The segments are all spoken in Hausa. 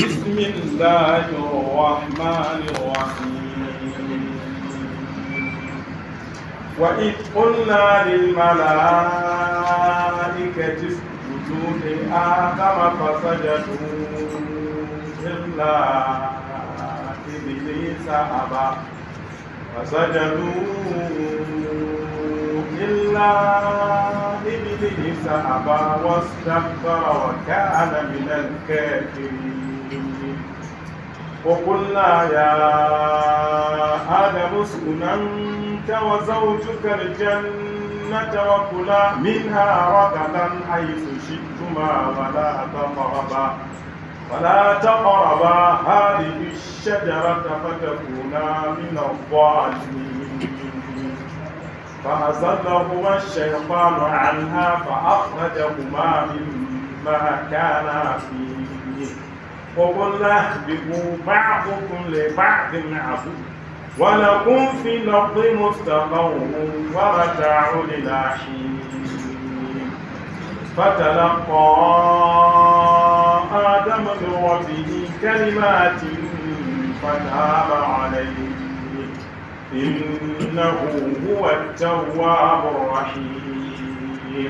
بسم الله الرحمن الرحيم وإذ قلنا للملائكة اسجدوا لآدم فسجدوا إلا إبليس أبى فسجدوا إلا إبليس أبى واستكبر وكان من الكافرين وقلنا يا آدم اسكن أنت وزوجك الجنة وكلا منها رغدا حيث شئتما ولا تقربا ولا تقربا هذه الشجرة فتكونا من الظالمين فأزلهما الشيطان عنها فأخرجهما مما كانا فيه وقلنا اهبطوا بعضكم لبعض عدو ولكم في الأرض مستقر ومتاع إلى حين فتلقى آدم من ربه كلمات فتاب عليه إنه هو التواب الرحيم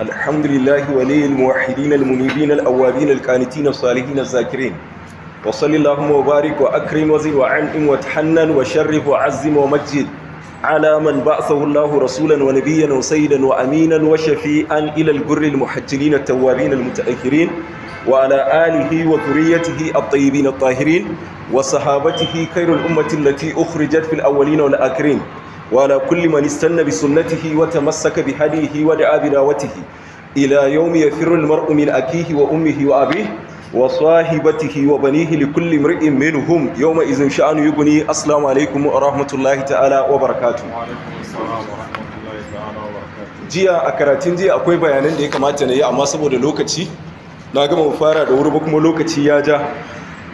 الحمد لله ولي الموحدين المنيبين الأوابين الكانتين الصالحين الذاكرين وصل اللهم وبارك وأكرم وزد وعنئم وتحنن وشرف وعزم ومجد على من بعثه الله رسولا ونبيا وسيدا وأمينا وشفيئا إلى الجر المحجلين التوابين المتأخرين وعلى آله وذريته الطيبين الطاهرين وصحابته خير الأمة التي أخرجت في الأولين والآخرين وعلى كل من استنى بسنته وتمسك بهديه ودعا بدعوته إلى يوم يفر المرء من أكيه وأمه وأبيه وصاحبته وبنيه لكل امرئ منهم يومئذ شأن يبني السلام عليكم ورحمة الله تعالى وبركاته jiya a karatun jiya akwai bayanan da ya kamata na yi amma saboda lokaci na gama mu fara da wuri kuma lokaci ya ja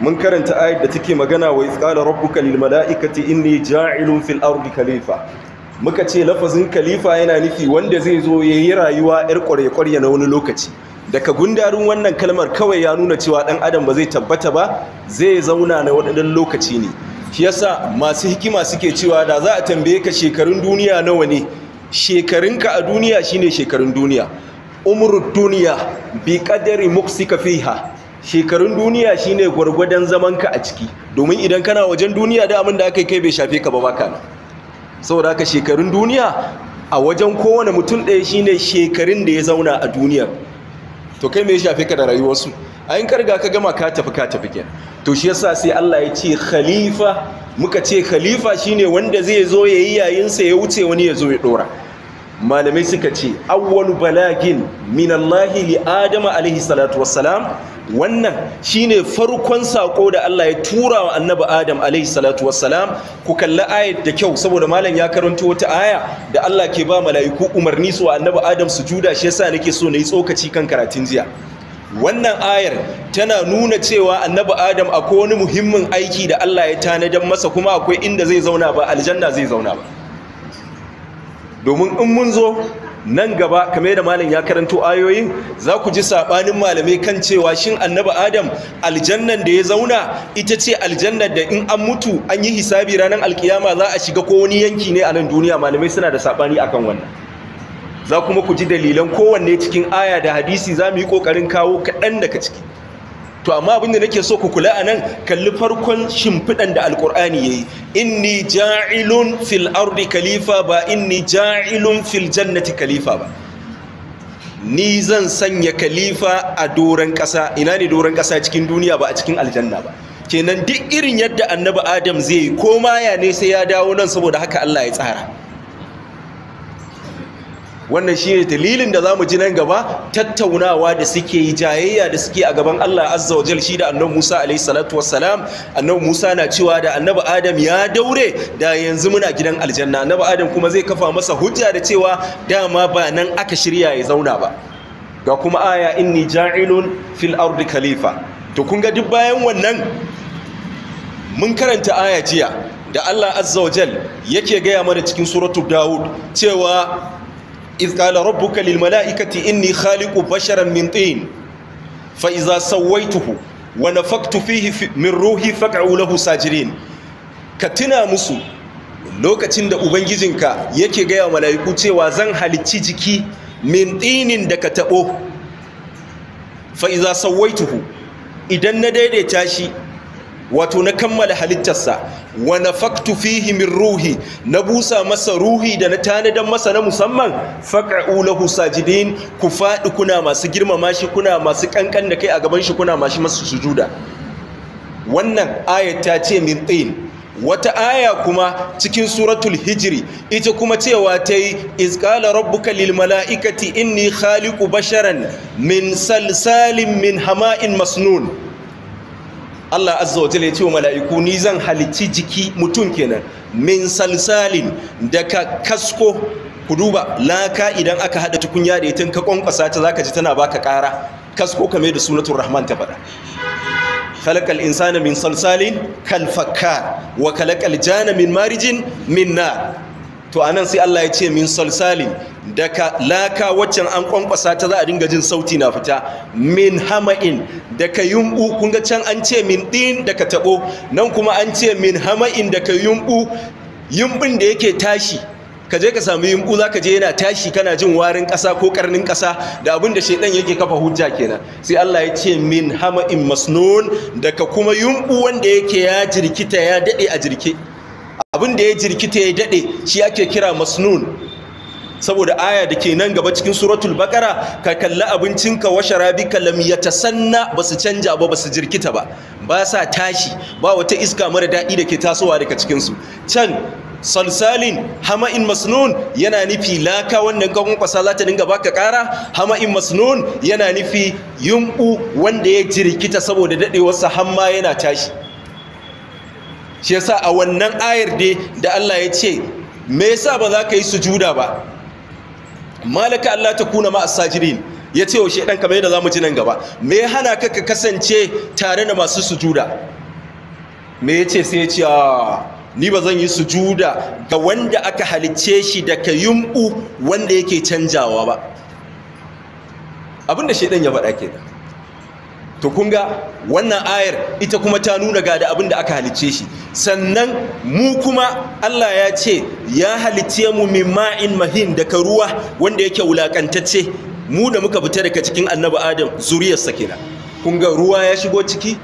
mun karanta ayat da take magana wa isqala rabbuka lil mala'ikati inni ja'ilun fil ardi khalifa muka ce lafazin khalifa yana nufi wanda zai zo yayi rayuwa yar kware-kware na wani lokaci daga gundarin wannan kalmar kawai ya nuna cewa dan adam ba zai tabbata ba zai zauna na wadannan lokaci ne shi yasa masu hikima suke cewa da za a tambaye ka shekarun duniya nawa ne shekarunka a duniya shine shekarun duniya umru duniya bi qadari muksika fiha shekarun duniya shine gwargwadon zaman ka a ciki domin idan kana wajen duniya da abin da aka kai bai shafe ka ba baka nan saboda haka shekarun duniya a wajen kowane mutum ɗaya shine shekarun da ya zauna a duniya to kai mai shafe ka da rayuwarsu a yin karga ka gama ka tafi ka tafi ke to shi yasa sai Allah ya ce khalifa muka ce khalifa shine wanda zai zo yayi yayin sa ya wuce wani ya zo ya dora malamai suka ce awwalu balagin min Allah li Adama alaihi salatu wassalam wannan shine farkon sako da Allah ya tura wa annabi Adam alaihi salatu wassalam ku kalli ayat da kyau saboda malam ya karanto wata aya da Allah ke ba mala'iku umarni su wa annabi Adam sujuda shi yasa nake so nayi tsokaci kan karatun jiya wannan ayar tana nuna cewa annabi Adam akwai wani muhimmin aiki da Allah ya tanadan masa kuma akwai inda zai zauna ba aljanna zai zauna ba domin in mun zo nan gaba kamar da malam ya karanto ayoyin za ku ji sabanin malamai kan cewa shin annabi adam aljannan da ya zauna ita ce aljannan da in an mutu an yi hisabi ranar alkiyama za a shiga ko wani yanki ne a nan duniya malamai suna da sabani kan wannan za kuma ku ji dalilan kowanne cikin aya da hadisi za mu yi kokarin kawo kaɗan daga ciki to amma abin da nake so ku kula a nan kalli farkon shimfiɗan da alkur'ani ya yi inni ja'ilun fil ardi khalifa ba inni ja'ilun fil jannati khalifa ba ni zan sanya kalifa a doron ƙasa ina ne doron ƙasa cikin duniya ba a cikin aljanna ba kenan duk irin yadda annabi adam zai yi ko maya ne sai ya dawo nan saboda haka allah ya tsara wannan shi ne dalilin da za mu ji nan gaba tattaunawa da suke yi jayayya da suke a gaban Allah azza wa jal shi da annabi Musa alaihi salatu wassalam annabi Musa na cewa da annabi Adam ya daure da yanzu muna gidan aljanna annabi Adam kuma zai kafa masa hujja da cewa dama ba nan aka shirya ya zauna ba ga kuma aya inni ja'ilun fil ardi khalifa to kun ga duk bayan wannan mun karanta aya jiya da Allah azza wa jal yake gaya mana cikin suratul daud cewa iz qala rabbuka lil mala'ikati inni khaliqu basharan min tin fa idza sawaituhu wa nafaktu fihi min ruhi faq'u lahu sajirin ka tuna musu lokacin da ubangijinka yake gaya wa mala'iku cewa zan halicci jiki min tsinin da ka taɓo fa'iza sauwaituhu idan na daidaita shi wato na kammala halittarsa wa nafaktu fihi min ruhi na busa masa ruhi da na tanadan masa na musamman faq'u lahu sajidin ku fadi kuna masu girmama shi kuna masu kankan da kai a gaban shi kuna masu sujuda wannan ayat ta ce min tin wata aya kuma cikin suratul hijri ita kuma cewa ta yi qala rabbuka lil mala'ikati inni khaliqu basharan min salsalin min hama'in masnun Allah azza wa jalla ya ce wa mala'iku ni zan halicci jiki mutum kenan min salsalin daga kasko ku duba laka idan aka hada tukunya da ita ka kwankwasa ta zaka ji tana baka kara kasko kame da sunatul rahman ta fada khalaqal insana min salsalin kal fakkar wa khalaqal jana min marijin min nar to anan sai Allah ya ce min salsalin daga laka waccan an kwankwasa ta za a dinga jin sauti na fita min hama'in daga yumbu kun ga can an ce min din daga tabo nan kuma an ce min hama'in daga yumbu yumbun da yake tashi ka je ka sami yumbu za ka je yana tashi kana jin warin ƙasa ko karnin ƙasa da abin da shaidan yake kafa hujja kenan sai Allah ya ce min hama'in masnun daga kuma yumbu wanda yake ya jirkita ya daɗe a jirke abin da ya jirkita ya dade shi ake kira masnun saboda aya da ke nan gaba cikin suratul bakara ka kalli abincinka wa sharabika lam yatasanna basu canja ba basu jirkita ba ba sa tashi ba wata iska mara daɗi da ke tasowa daga cikinsu. su can salsalin hama'in masnun yana nufi laka wannan kan kwasa za ta dinga baka kara hama'in masnun yana nufi yumbu wanda ya jirkita saboda dadewarsa hamma yana tashi shi yasa a wannan ayar dai da Allah ya ce me yasa ba za ka yi sujuda ba malaka Allah ta kuna ma asajirin ya ce wa shedan kamar yadda zamu ji nan gaba me hana ka ka kasance tare da masu sujuda me ya ce sai ya ce ah, ni ba zan yi sujuda ga wanda aka halicce shi da ka yumbu wanda yake canjawa ba abinda shedan ya faɗa kenan to kun ga wannan ayar ita kuma ta nuna ga da abin da aka halicce shi sannan mu kuma Allah ya ce ya halicce mu min ma'in mahin daga ruwa wanda yake wulakantacce mu da muka fita daga cikin annabi adam zuriyarsa kenan kun ga ruwa ya shigo ciki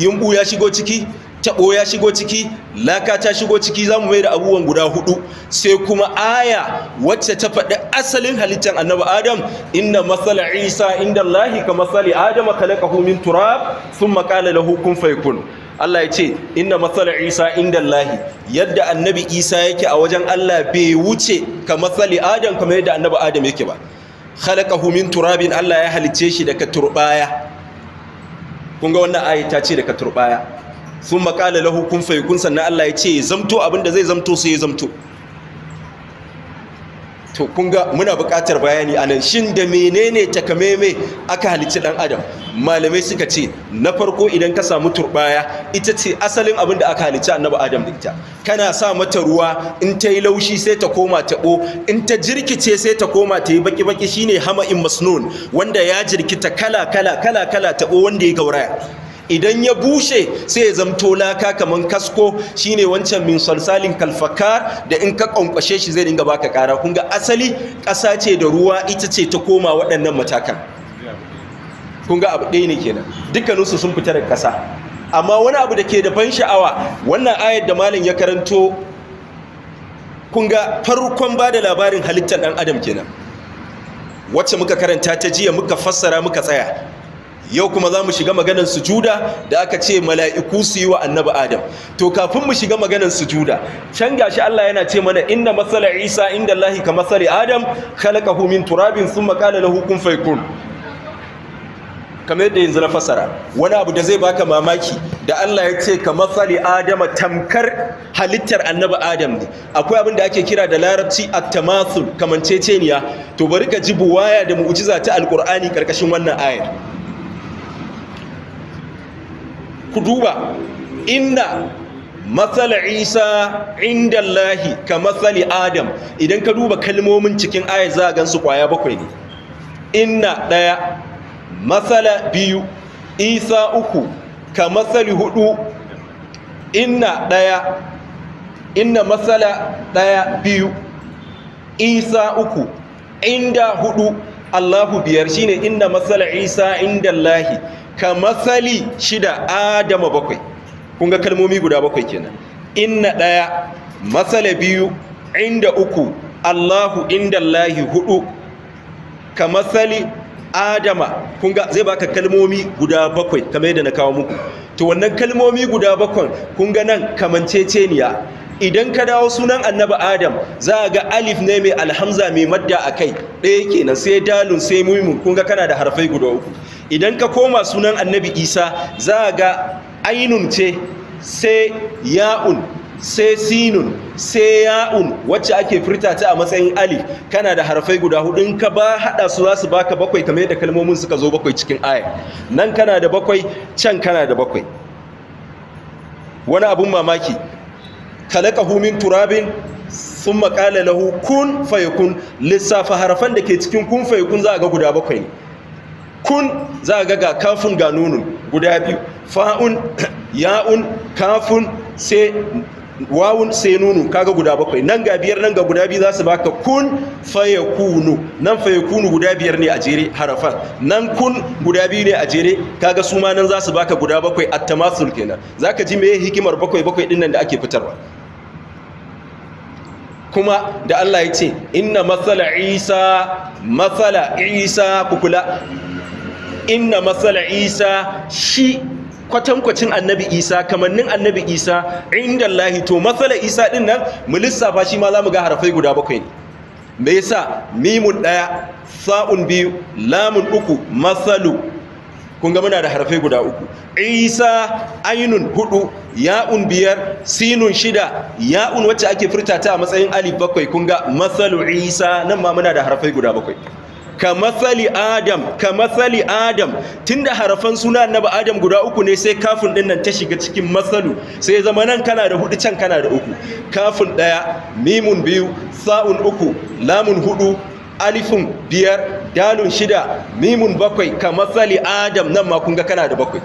yumbu ya shigo ciki Taɓo ya shigo ciki laka ta shigo ciki zamu mai da abubuwan guda hudu sai kuma aya wacce ta faɗi asalin halittar annabi adam inda masala isa inda allahi ka masali adama khalaqahu min turab thumma makala lahu kun fayakun Allah ya ce inda matsala isa inda Allahi yadda annabi isa yake a wajen Allah bai wuce ka matsali adam kamar yadda annabi adam yake ba khalaqahu min turabin Allah ya halicce shi daga turbaya kun ga wannan ayata ce daga turbaya sun makala lahu kun fayakun Allah ya ce zamto abinda zai zamto sai ya zamto to kunga muna buƙatar bayani anan shin da menene takameme aka halicci dan adam malamai suka ce na farko idan ka samu turbaya ita ce asalin abin da aka halicci annabi adam da ita kana sa mata ruwa in ta yi laushi sai ta koma ta bo in ta jirkice sai ta koma ta yi baki baki shine hama'in masnun wanda ya jirkita kala kala kala kala ta bo wanda ya gauraya idan ya bushe sai ya zamto laka kamar kasko shine wancan min salsalin kalfakar da in ka kwankwashe shi zai dinga baka kara kun ga asali ƙasa ce da ruwa ita ce ta koma waɗannan matakan kun ga abu ɗaya ne kenan dukkaninsu sun fita daga ƙasa amma wani abu da ke da ban sha'awa wannan ayar da malam ya karanto kun ga farkon ba da labarin halittar ɗan adam kenan wacce muka karanta ta jiya muka fassara muka tsaya yau kuma za mu shiga maganar sujuda da aka ce mala'iku su yi wa annabi adam to kafin mu shiga maganar sujuda can gashi Allah yana ce mana inda matsala isa inda Allah ka matsala adam khalaka min turabin sun makala na hukun faikun kamar yadda yanzu na fasara wani abu da zai baka mamaki da Allah ya ce ka matsali adama tamkar halittar annaba adam ne akwai abin da ake kira da larabci at-tamathul kamanceceniya to bari ka ji buwaya da mu'ujiza ta alkur'ani karkashin wannan ayar ku duba inna matsala isa inda Allahi ka matsali adam idan ka duba kalmomin cikin ayat za a gansu kwaya bakwai ne inna ɗaya matsala biyu isa uku ka matsali hudu inna ɗaya inna matsala ɗaya biyu isa uku inda hudu allahu biyar shine inna matsala isa inda Allahi ka matsali shida adama bakwai Kunga kalmomi guda bakwai kenan inna ɗaya matsala biyu inda uku allahu inda allahi hudu ka matsali adama kunga zai baka kalmomi guda bakwai kamar yadda na kawo muku to wannan kalmomi guda bakwai kunga nan kamanceceniya idan ka dawo sunan annabi adam za ga alif ne mai alhamza mai madda a kai ɗaya kenan sai dalun sai muimun kunga kana da harfai guda uku idan ka koma sunan annabi isa za ga ainun ce sai ya'un sai sinun sai ya'un wacce ake furta ta a matsayin alif kana da harfai guda hudu in ka ba hada su za su baka bakwai kamar yadda kalmomin suka zo bakwai cikin aya nan kana da bakwai can kana da bakwai wani abun mamaki khalaqahu min turabin thumma qala lahu kun fayakun lissafa harafan da ke cikin kun fayakun za a ga guda bakwai ne kun za ga ga kafin ga nunun guda biyu fa'un ya'un kafun sai wawun sai nunu kaga guda bakwai nan ga biyar nan ga guda biyu za su baka kun fayakunu nan fayakunu guda biyar ne a jere harafan nan kun guda biyu ne a jere kaga su ma nan za su baka guda bakwai at tamasul kenan zaka ji me hikimar bakwai bakwai din nan da ake fitarwa kuma da Allah ya ce inna matsala isa matsala isa kukula inna matsala isa shi kwatankwacin annabi isa kamannin annabi isa inda Allah to matsala isa din nan mu lissafa shi ma za mu ga harafai guda bakwai ne me yasa mimun ɗaya sa'un biyu lamun uku matsalu Kunga muna da harfai guda uku isa ainun hudu ya'un biyar sinun shida ya'un wacce ake furta ta a matsayin alif bakwai kun ga matsalu isa nan ma muna da harfai guda bakwai ka matsali adam ka matsali adam tunda harafan suna annabi adam guda uku ne sai kafin din nan ta shiga cikin matsalu sai zama nan kana da hudu can kana da uku kafin daya mimun biyu sa'un uku lamun hudu alifun biyar dalun shida mimun bakwai ka matsali adam nan ma kana da bakwai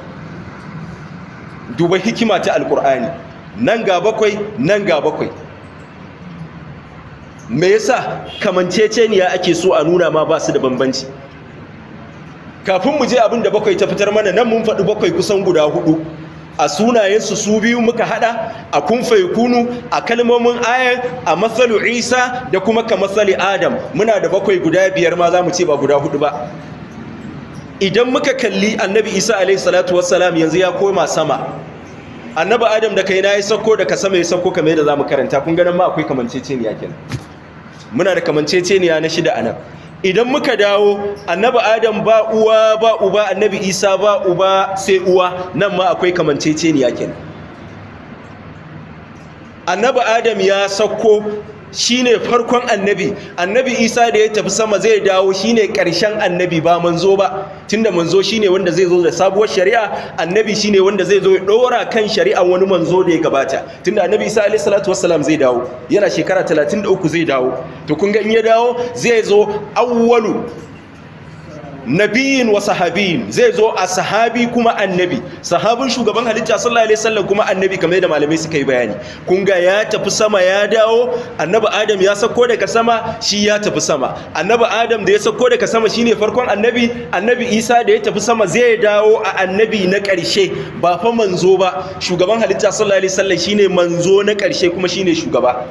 duba hikima ta alkur'ani nan ga bakwai nan ga bakwai me yasa kamanceceniya ake so a nuna ma ba su da bambanci kafin mu je abin da bakwai ta fitar mana nan mun faɗi bakwai kusan guda hudu a sunayensu su biyu muka hada a kun kunu a kalmomin ayar a matsalu isa da kuma ka matsali adam muna da bakwai guda biyar ma za mu ce ba guda hudu ba idan muka kalli annabi isa alaihi salatu wassalam yanzu ya koma sama annabi adam da kai na ya sauko daga sama ya sauko kamar yadda za mu karanta kun ganin ma akwai kamanceceniya kenan muna da kamanceceniya na shida anan idan muka dawo annabi adam ba uwa ba uba annabi isa ba uba sai uwa nan ma akwai kamanceceniya kenan annabi adam ya sauko Shi ne farkon annabi annabi isa da ya tafi sama zai dawo shi ne karshen annabi ba manzo ba da manzo shi ne wanda zai zo da sabuwar shari'a annabi shi ne wanda zai zo ya ɗora kan shari'a wani manzo da ya gabata tunda annabi isa alayhi salatu zai dawo yana shekara 33 zai dawo to kun ga in ya dawo zai zo awwalu nabiyin wa sahabiyin zai zo a sahabi kuma annabi sahabin shugaban halitta sallallahu alaihi wasallam kuma annabi kamar yadda malamai suka yi bayani kun ga ya tafi sama ya dawo annabi adam ya sako daga sama shi ya tafi sama annabi adam da ya sako daga sama shine farkon annabi annabi isa da ya tafi sama zai dawo a annabi na ƙarshe ba fa manzo ba shugaban halitta sallallahu alaihi wasallam shine manzo na ƙarshe kuma shine shugaba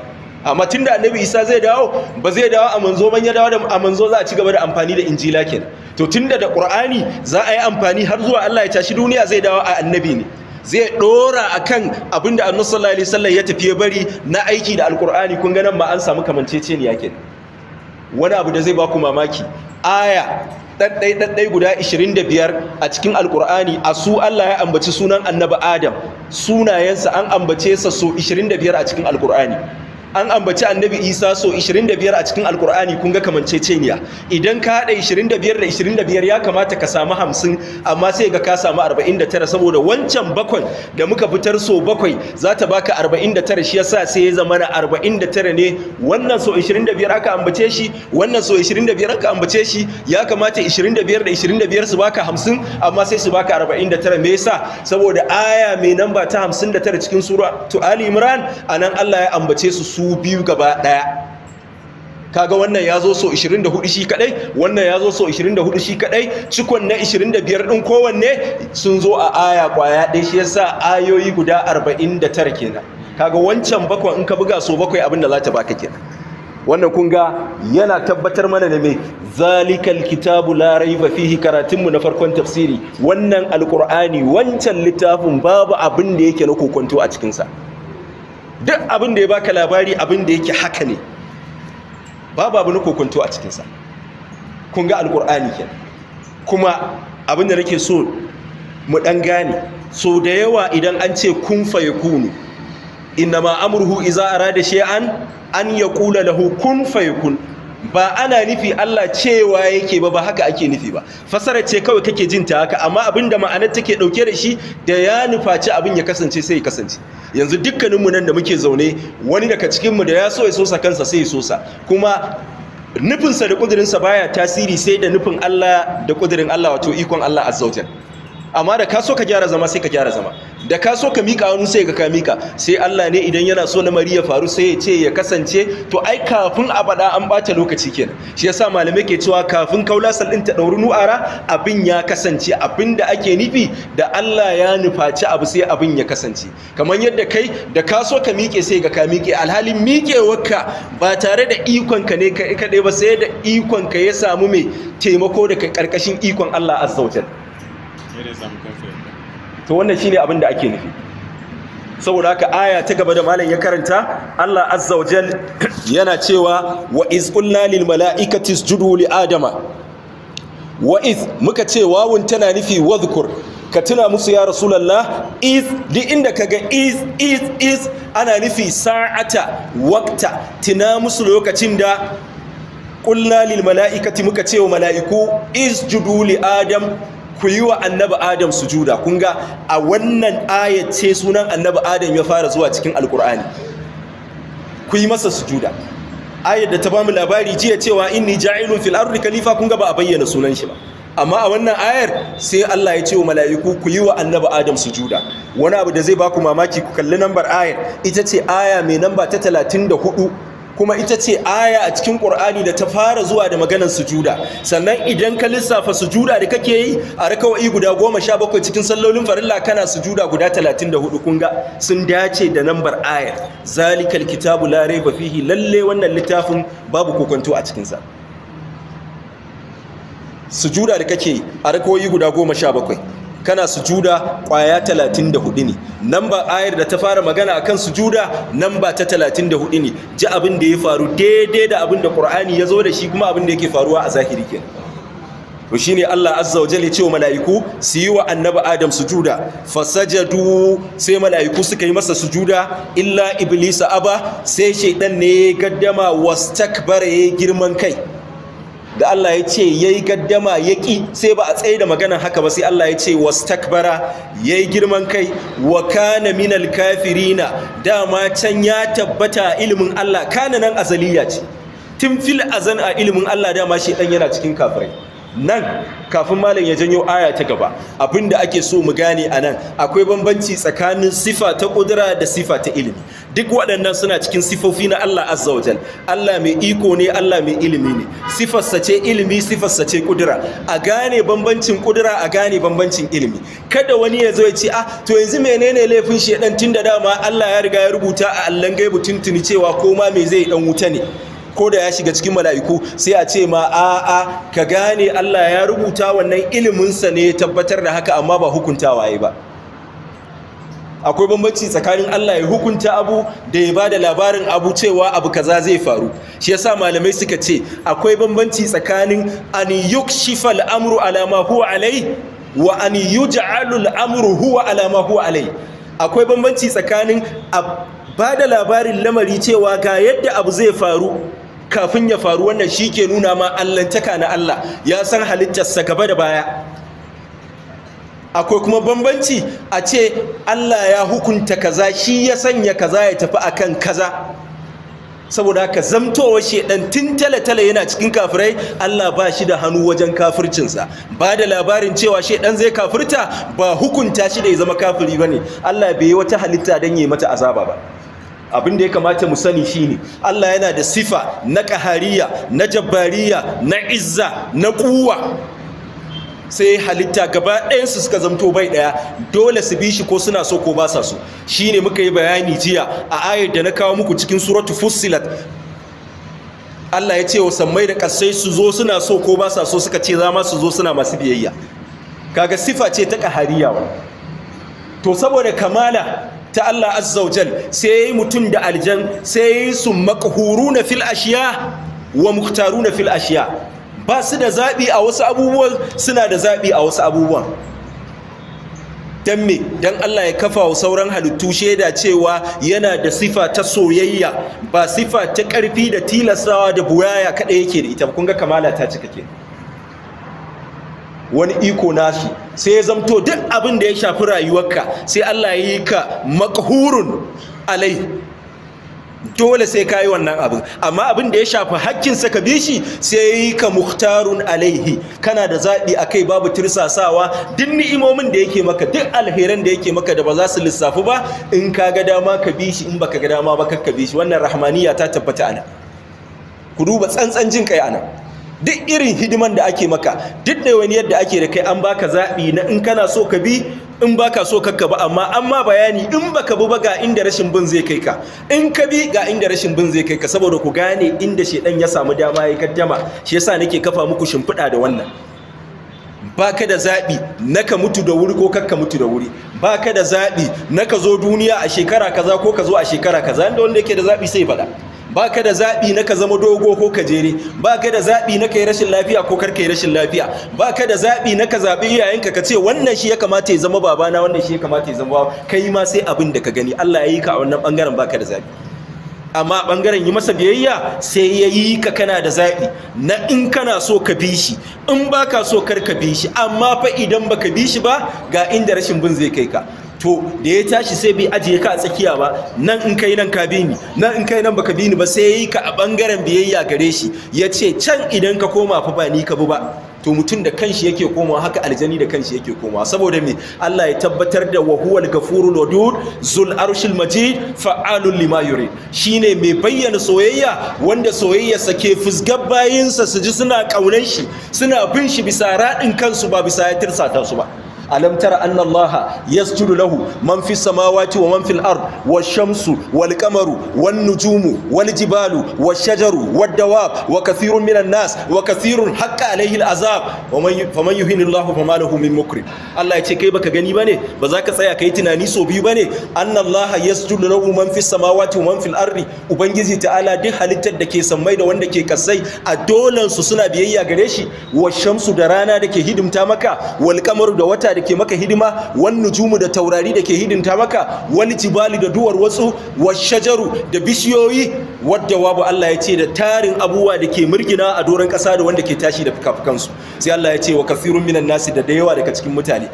amma tun da annabi isa zai dawo ba zai dawo a manzo ban ya dawo da a manzo za a ci gaba da amfani da injila ken to tun da da qur'ani za a yi amfani har zuwa Allah ya tashi duniya zai dawo a annabi ne zai dora kan abin da annabi sallallahu alaihi wasallam ya tafi bari na aiki da alqur'ani kun ga nan ma an samu kamanceceniya ken wani abu da zai ba ku mamaki aya ɗaɗɗai ɗaɗɗai guda 25 a cikin alkur'ani a su Allah ya ambaci sunan annabi Adam sunayensa an ambace sa so 25 a cikin alkur'ani an ambaci annabi isa so 25 a cikin alkur'ani kun ga kamance ceniya idan ka haɗa 25 da 25 ya kamata ka samu 50 amma sai ga ka samu 49 saboda wancan bakon da muka fitar so bakwai za ta baka 49 shi ya sa sai ya zama na 49 ne wannan so 25 aka ambace shi wannan so 25 aka ambace shi ya kamata 25 da 25 su baka 50 amma sai su baka 49 me yasa saboda aya mai namba ta 59 cikin sura to ali imran anan Allah ya ambace su su biyu gaba ɗaya kaga wannan ya zo so 24 shi kadai wannan ya zo so 24 shi kadai cikon na 25 din kowanne sun zo a aya kwaya ɗaya shi yasa ayoyi guda 49 kenan kaga wancan bakwai in ka buga so bakwai abin da za ta baka kenan wannan kun ga yana tabbatar mana da mai zalikal kitabu la raiba fihi karatunmu na farkon tafsiri wannan alqur'ani wancan littafin babu abin da yake na kokonto a cikin sa duk abin da ya baka labari abin da yake haka ne babu abu na kokonto a cikinsa kun ga alkur'ani kenan kuma abin da nake so mu dan gane so da yawa idan an ce kun fayakunu inna ma amruhu iza arada shay'an an yaqula lahu kun fayakun ba ana nufi Allah cewa yake ba ba haka ake nufi ba fasara ce kawai kake jin ta haka amma abin da ma'anar take dauke da shi da ya nufaci abin ya kasance sai ya kasance yanzu dukkaninmu nan da muke zaune wani daga cikinmu da ya so ya sosa kansa sai ya sosa kuma nufinsa da ƙudurinsa baya tasiri sai da nufin Allah da ƙudurin Allah wato ikon Allah azzawajal amma da ka so ka gyara zama sai ka gyara zama da ka so ka mika hannu sai ka ka mika sai Allah ne idan yana so lamari ya faru sai ya ce ya kasance to ai kafin a bada an bata lokaci kenan shi yasa malamai ke cewa kafin kaulasal din ta dauri nu'ara abin ya kasance abin da ake nufi da Allah ya nufaci abu sai abin ya kasance kamar yadda kai da ka so ka mike sai ka ka mike alhali mikewarka ba tare da ikon ka ne kadai ba sai da ikon ka ya samu mai taimako daga karkashin ikon Allah azza wajalla to wannan shine abin da ake nufi saboda haka aya ta gaba da malam ya karanta Allah azza wa jal yana cewa wa iz qulna lil mala'ikati isjudu li adama wa iz muka ce wawun tana nufi wadhkur ka tuna musu ya rasulullah iz di inda ka ga iz iz iz ana nufi sa'ata wakta tina musu lokacin da ƙulla lil mala'ikati muka ce wa mala'iku iz judu li adam ku yi wa annabi adam sujuda kun ga a wannan ayace sunan annabi adam ya fara zuwa cikin alkur'ani ku yi masa sujuda Ayar da ta bamu labari jiya cewa inni ja'ilun fil ardi khalifa kun ga ba a bayyana sunan shi ba amma a wannan ayar sai Allah ya ce wa mala'iku ku yi wa annabi adam sujuda wani abu da zai baku mamaki ku kalli nambar ayar ita ce aya mai namba ta 34 kuma ita ce aya a cikin ƙur'ani da ta fara zuwa da maganar sujuda sannan idan ka lissafa sujuda da kake yi a rakawai guda goma sha bakwai cikin sallolin farilla kana sujuda guda talatin da hudu kunga sun dace da lambar aya zalikal kitabu larai bafihi fihi lalle wannan littafin babu kokonto a cikinsa sujuda da kake yi a rakawai guda goma sha bakwai kana sujuda kwaya 34 ne namba ayar da ta fara magana akan sujuda nan ba ta 34 ne ji abin da ya faru daidai da abin da qur'ani ya zo da shi kuma abin da yake faruwa a zahiri ke. to shine Allah azza wa jalla ya ce wa mala'iku su yi wa annabi adam sujuda fasajadu sai mala'iku suka yi masa sujuda illa iblisa aba sai shaydan ne ya gaddama wastakbara ya girman kai da Allah ya ce ya yi gaddama ƙi sai ba a tsaye da magana haka ba sai Allah ya ce wasu takbara ya yi girman kai wa kana minal na. dama can ya tabbata ilimin Allah kana nan azaliya ce tun fil azan a ilimin Allah dama shi ɗan yana cikin kafirai nan kafin malam ya janyo aya ta gaba abinda ake so mu gane a nan akwai bambanci tsakanin sifa ta kudura da sifa ta ilimi duk waɗannan suna cikin sifofi na Allah azza wa jal Allah mai iko ne Allah mai ilimi ne sifarsa ce ilimi sifarsa ce kudura a gane bambancin kudura a gane bambancin ilimi kada wani ya zo ya ce ah to yanzu menene laifin shi shedan tunda dama Allah ya riga ya rubuta a allan gaibu tuntuni cewa ko ma me zai dan wuta ne ko da ya shiga cikin mala'iku sai a ce ma a'a ah, ah, ka gane Allah ya rubuta wannan iliminsa ne ya tabbatar da haka amma ba hukuntawa yayi ba akwai bambanci tsakanin Allah ya hukunta abu da ya ba da labarin abu cewa abu kaza zai faru shi yasa malamai suka ce akwai bambanci tsakanin an yukshifa al'amru ala ma huwa alai wa an yuj'alu al'amru huwa ala ma huwa alai akwai bambanci tsakanin a bada labarin lamari cewa ga yadda abu zai faru kafin ya faru wannan shi ke nuna ma allantaka na Allah ya san halittarsa gaba da baya akwai kuma bambanci a ce Allah ya hukunta kaza shi ya sanya kaza ya tafi akan kaza saboda haka zamtowar shedan tun tale-tale yana cikin kafirai Allah ba shi da hannu wajen kafircinsa ba da labarin cewa shedan zai kafirta ba hukunta shi da ya zama kafiri ba ne Allah bai yi wata halitta don yi mata azaba ba abin da ya kamata mu sani shi ne. Allah yana da sifa na kahariya na jabariya na izza na kuwa. sai halitta gaba ɗayansu suka zamto bai ɗaya dole su bi shi ko suna so ko ba sa so shi ne muka yi bayani jiya a ayar da na kawo muku cikin suratu fussilat Allah ya ce wa sammai da ƙasai su zo suna so ko ba sa so suka ce zama su zo suna masu biyayya kaga sifa ce ta ƙahariya to saboda kamala ta Allah azza wa jal sai yayi mutum da aljan sai yayi su maqhuruna fil ashiya wa mukhtaruna fil ashiya ba su da zaɓi a wasu abubuwan suna da zaɓi a wasu abubuwan don me don Allah ya kafa wa sauran halittu shaida cewa yana da sifa ta soyayya ba sifa ta ƙarfi da tilastawa da buyaya kaɗai yake da ita kun ga kamala ta cika ke wani iko nashi sai ya zamto duk abin da ya shafi rayuwarka sai Allah ya yi ka makhurun alai dole sai ka yi wannan abin amma abin da ya shafi hakkin sa ka bi shi sai ka muhtarun alaihi kana da zaɓi a kai babu tirsasawa duk ni'imomin da yake maka duk alheran da yake maka da ba za su lissafi ba in ka ga dama ka bi shi in baka ga dama ba ka bi shi wannan rahmaniya ta tabbata ana ku duba tsantsan jin kai ana duk irin hidiman da ake maka duk da wani yadda ake da kai an baka zaɓi na in kana so ka bi in ba ka so kakka ba amma an ma bayani in baka bi ba ga inda rashin bin zai kai ka in ka bi ga inda rashin bin zai kai ka saboda ku gane inda shedan ya samu dama ya kaddama shi yasa nake kafa muku shimfiɗa da wannan Ba ka da zaɓi naka mutu da wuri ko kakka mutu da wuri Ba ka da zaɓi naka zo duniya a shekara kaza ko ka zo a shekara kaza inda wanda yake da zaɓi sai faɗa ba ka da zaɓi na ka zama dogo ko ka jere ba ka da zaɓi na ka yi rashin lafiya ko karka ka yi rashin lafiya ba ka da zaɓi na ka zaɓi iyayenka ka ce wannan shi ya kamata ya zama babana wannan shi ya kamata ya zama kai ma sai abin da ka gani Allah ya yi ka a wannan ɓangaren ba ka da zaɓi amma ɓangaren yi masa biyayya sai ya yi ka kana da zaɓi na in kana so ka bi shi in ba ka so kar ka bi shi amma fa idan ba ka bi shi ba ga inda rashin bin zai kai ka to da ya tashi sai bai ajiye ka a tsakiya ba nan in kai nan ka bi ni nan in kai nan baka bi ni ba sai yayi ka a bangaren biyayya gare shi ya ce can idan ka koma fa ba ni ka bi ba to mutum da kanshi yake koma haka aljani da kanshi yake koma saboda me Allah ya tabbatar da wa huwal gafurul wadud zul arshil majid fa'alul lima yurid shine mai bayyana soyayya wanda soyayya sake fusgar bayinsa su ji suna kaunar shi suna bin shi bisa radin kansu ba bisa ya tirsata su ba alam tara anna Allah yasjudu lahu man fis samawati wa man fil ard shamsu wal-qamaru wan-nujumu wal-jibalu wash-shajaru wad-dawab wa kathirun minan nas wa kathirun haqqa alayhi al-azab wa man yuhinillahu fama lahu min mukrim Allah yace kai baka gani bane ba za ka tsaya kai tunani so biyu bane anna Allah yasjudu lahu man fis samawati wa man fil ard ubangiji ta'ala duk halittar da ke sammai da wanda ke kasai a dolan su suna biyayya gare shi washamsu shamsu da rana da ke hidimta maka wal-qamaru da wata da ke maka hidima wani nujumu da taurari da ke hidinta maka wani jibali da duwar wa shajaru da bishiyoyi wadda wabu Allah ya ce da tarin abubuwa da ke murgina a doron ƙasa da wanda ke tashi da fikafikansu sai Allah ya ce wa kafirun minan nasi da dayawa daga cikin mutane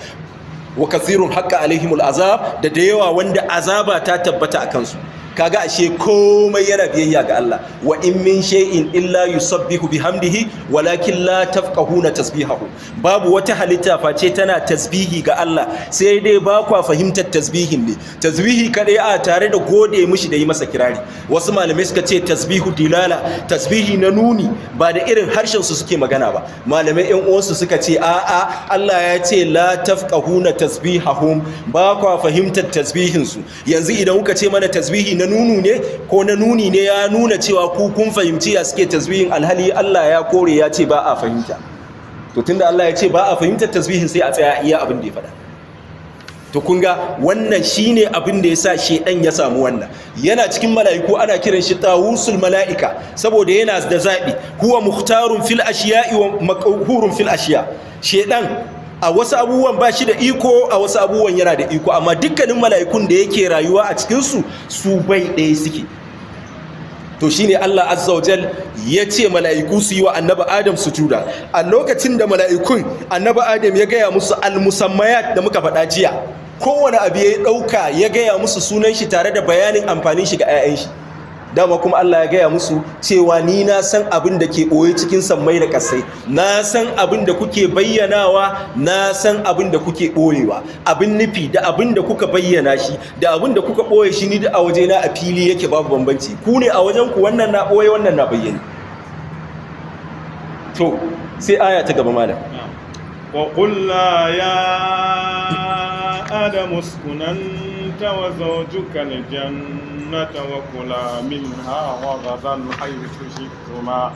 wa kafirun haƙƙa alaihimul azab da dayawa wanda azaba ta tabbata a kansu kaga ashe komai yana biyayya ga Allah wa in min shay'in illa yusabbihu bihamdihi walakin la tafqahuna tasbihahu babu wata halitta face tana tasbihi ga Allah sai dai ba kwa fahimtar tasbihin ne tasbihi kadai a tare da gode mishi da yi masa kirari wasu malamai suka ce tasbihu dilala tasbihi na nuni ba da irin harshen su suke magana ba malamai ƴan uwansu suka ce a a Allah ya ce la tafqahuna tasbihahum ba kwa fahimtar tasbihin su yanzu idan kuka ce mana tasbihi na na nunu ne ko na nuni ne ya nuna cewa ku kun fahimci ya suke tasbihin alhali Allah ya kore ya ce ba a fahimta to tunda Allah ya ce ba a fahimtar tasbihin sai a tsaya iya abin da ya faɗa to kun ga wannan shine abin da yasa shedan ya samu wannan yana cikin mala'iku ana kiran shi tawusul mala'ika saboda yana da zabi huwa mukhtarun fil ashiya'i wa maqhurun fil ashiya shedan a wasu abubuwan ba shi da iko a wasu abubuwan yana da iko amma dukkanin mala'ikun da yake rayuwa a cikinsu su bai ɗaya suke to shine Allah azza ya ce mala'iku su yi wa annabi adam su sujuda a lokacin da mala'ikun annabi adam ya gaya musu al al-musammayat da muka faɗa jiya kowane abu ya ɗauka ya gaya musu sunan shi tare da bayanin amfanin shi ga 'ya'yan shi dama kuma Allah ya gaya musu cewa ni na san abin da ke ɓoye cikin sammai da ƙasai na san abin da kuke bayyanawa na san abin da kuke ɓoyewa abin nufi da abin da kuka bayyana shi da abin da kuka ɓoye shi ni da a wajena a fili yake babu bambanci ku ne a wajen ku wannan na ɓoye wannan na bayyana to sai aya ta gaba malam wa ya adamu وزوجك الجنة وكلا منها رغدا حيث شئتما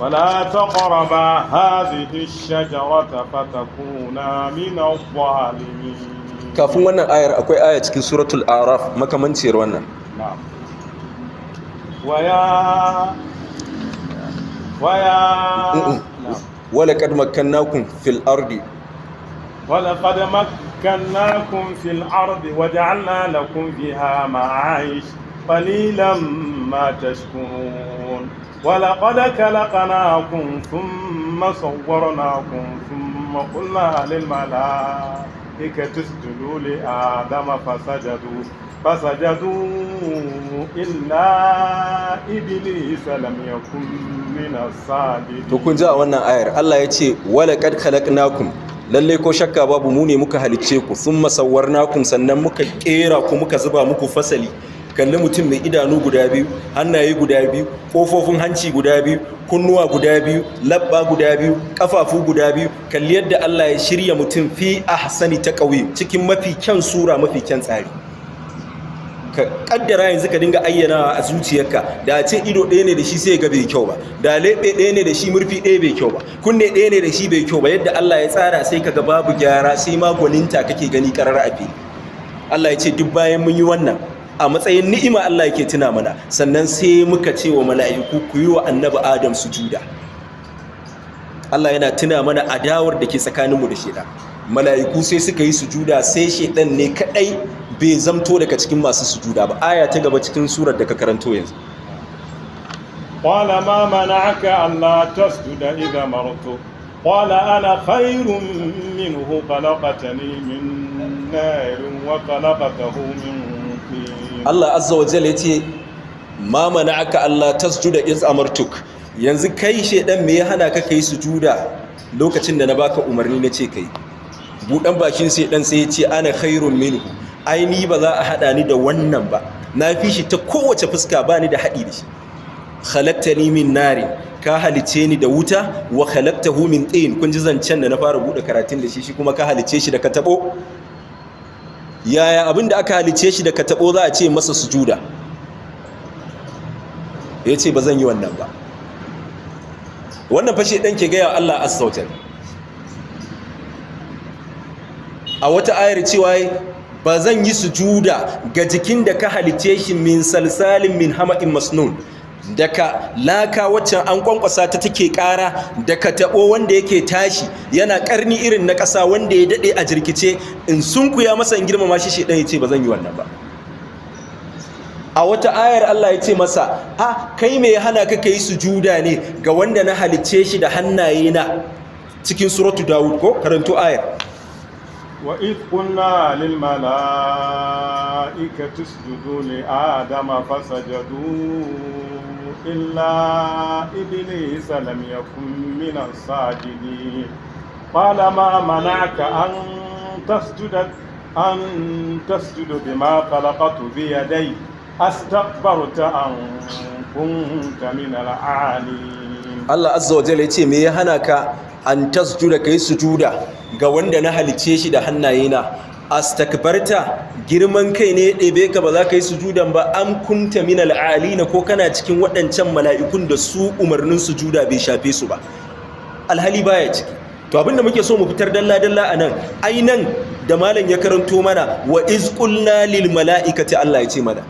ولا تقربا هذه الشجرة فتكونا من الظالمين kafin wannan ayar akwai aya cikin suratul araf makamanciyar wannan waya waya wala kad makkannakun fil ardi ولقد مكناكم في الأرض وجعلنا لكم فيها معايش قليلا ما تشكرون ولقد خلقناكم ثم صورناكم ثم قلنا للملائكة اسجدوا لآدم فسجدوا فسجدوا إلا إبليس لم يكن من الصادقين. تكون جاء وانا آير الله يتي ولقد خلقناكم lalle ko shakka babu mu ne muka halicce ku sun masawar nakun sannan muka kera ku muka zuba muku fasali kalli mutum mai idanu guda biyu hannaye guda biyu ƙofofin hanci guda biyu kunnuwa guda biyu labba guda biyu ƙafafu guda biyu kalli yadda allah ya shirya mutum fi ahsani ta ƙauye cikin mafi kyan sura mafi kyan tsari ka kaddara yanzu ka dinga ayyana a zuciyarka da ce ido ɗaya ne da shi sai ga bai kyau ba da leɓe ɗaya ne da shi murfi ɗaya bai kyau ba kunne ɗaya ne da shi bai kyau ba yadda Allah ya tsara sai kaga babu gyara sai magwaninta kake gani karar a fili Allah ya ce duk bayan mun yi wannan a matsayin ni'ima Allah yake tuna mana sannan sai muka ce wa mala'iku ku yi wa annabi Adam sujuda Allah yana tuna mana adawar da ke tsakaninmu da shaitan mala'iku sai suka yi sujuda sai shaitan ne kadai bai zamto daga cikin masu sujuda ba aya ta gaba cikin surar da ka karanto yanzu qala ma mana'aka an la tasjuda idha martu qala ana khairun minhu khalaqatani min narin wa khalaqatahu min tin Allah azza wa jalla yace ma mana'aka an la tasjuda idh amartuk yanzu kai shedan me ya hana ka kai sujuda lokacin da na baka umarni na ce kai budan bakin shaidan sai ya ce ana khairun minhu ai ni ba za a haɗa ni da wannan ba na fi shi ta kowace fuska ba ni da haɗi da shi halatta ni min nari ka halice ni da wuta wa halatta hu min tsayin kun ji zancen da na fara buɗe karatun da shi shi kuma ka halice shi da ka taɓo yaya abin da aka halice shi da ka taɓo za a ce masa sujuda ya ce ba zan yi wannan ba wannan fashe ɗan ke gaya Allah asautar a wata ayar cewa ba zan yi sujuda ga jikin da ka halice shi min salsalin min hama'in masnun daga laka waccan an kwankwasa ta take kara ka taɓo wanda yake tashi yana ƙarni irin na ƙasa wanda ya dade a jirkice in sunkuya masa in girmama shi shedan yace ba zan yi wannan ba a wata ayar Allah ya ce masa a kai me ya hana ka kai sujuda ne ga wanda na halice shi da hannaye na cikin suratu Dawud ko karanto ayar wa id qulna lil malaikati isjudu li adama fa sajadu illa iblisa lam yakun min as-sajidin qala ma manaka an tasjuda an tasjudu bima khalaqtu min al Allah azza wa jalla yace me ya hanaka an tasjuda kai sujuda ga wanda na halice shi da hannayena astakbarta girman kai ne ɗebe ka ba za ka yi sujudan ba an kunta min na ko kana cikin waɗancan mala'ikun da su umarnin sujuda bai shafe su ba alhali baya ciki to abinda muke so mu fitar dalla-dalla a nan nan da malam ya karanto mana wa izkulna lil mala'ikati Allah ya ce mana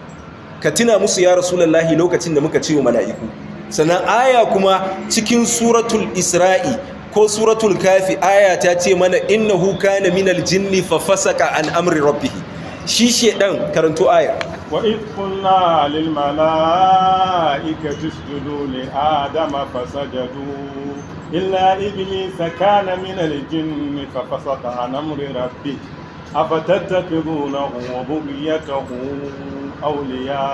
ka tuna musu ya rasulullahi lokacin da muka ce wa mala'iku sannan aya kuma cikin suratul isra'i ko suratul kafi aya ta ce mana huka kana minal jinni fa fasaka an amri rabbih shi shedan karanto aya. wa id qulna lil malaikati isjudu li adama fasajadu illa iblisa kana minal jinni fa fasaka an amri rabbih afatattakibuna wa bughiyatahu awliya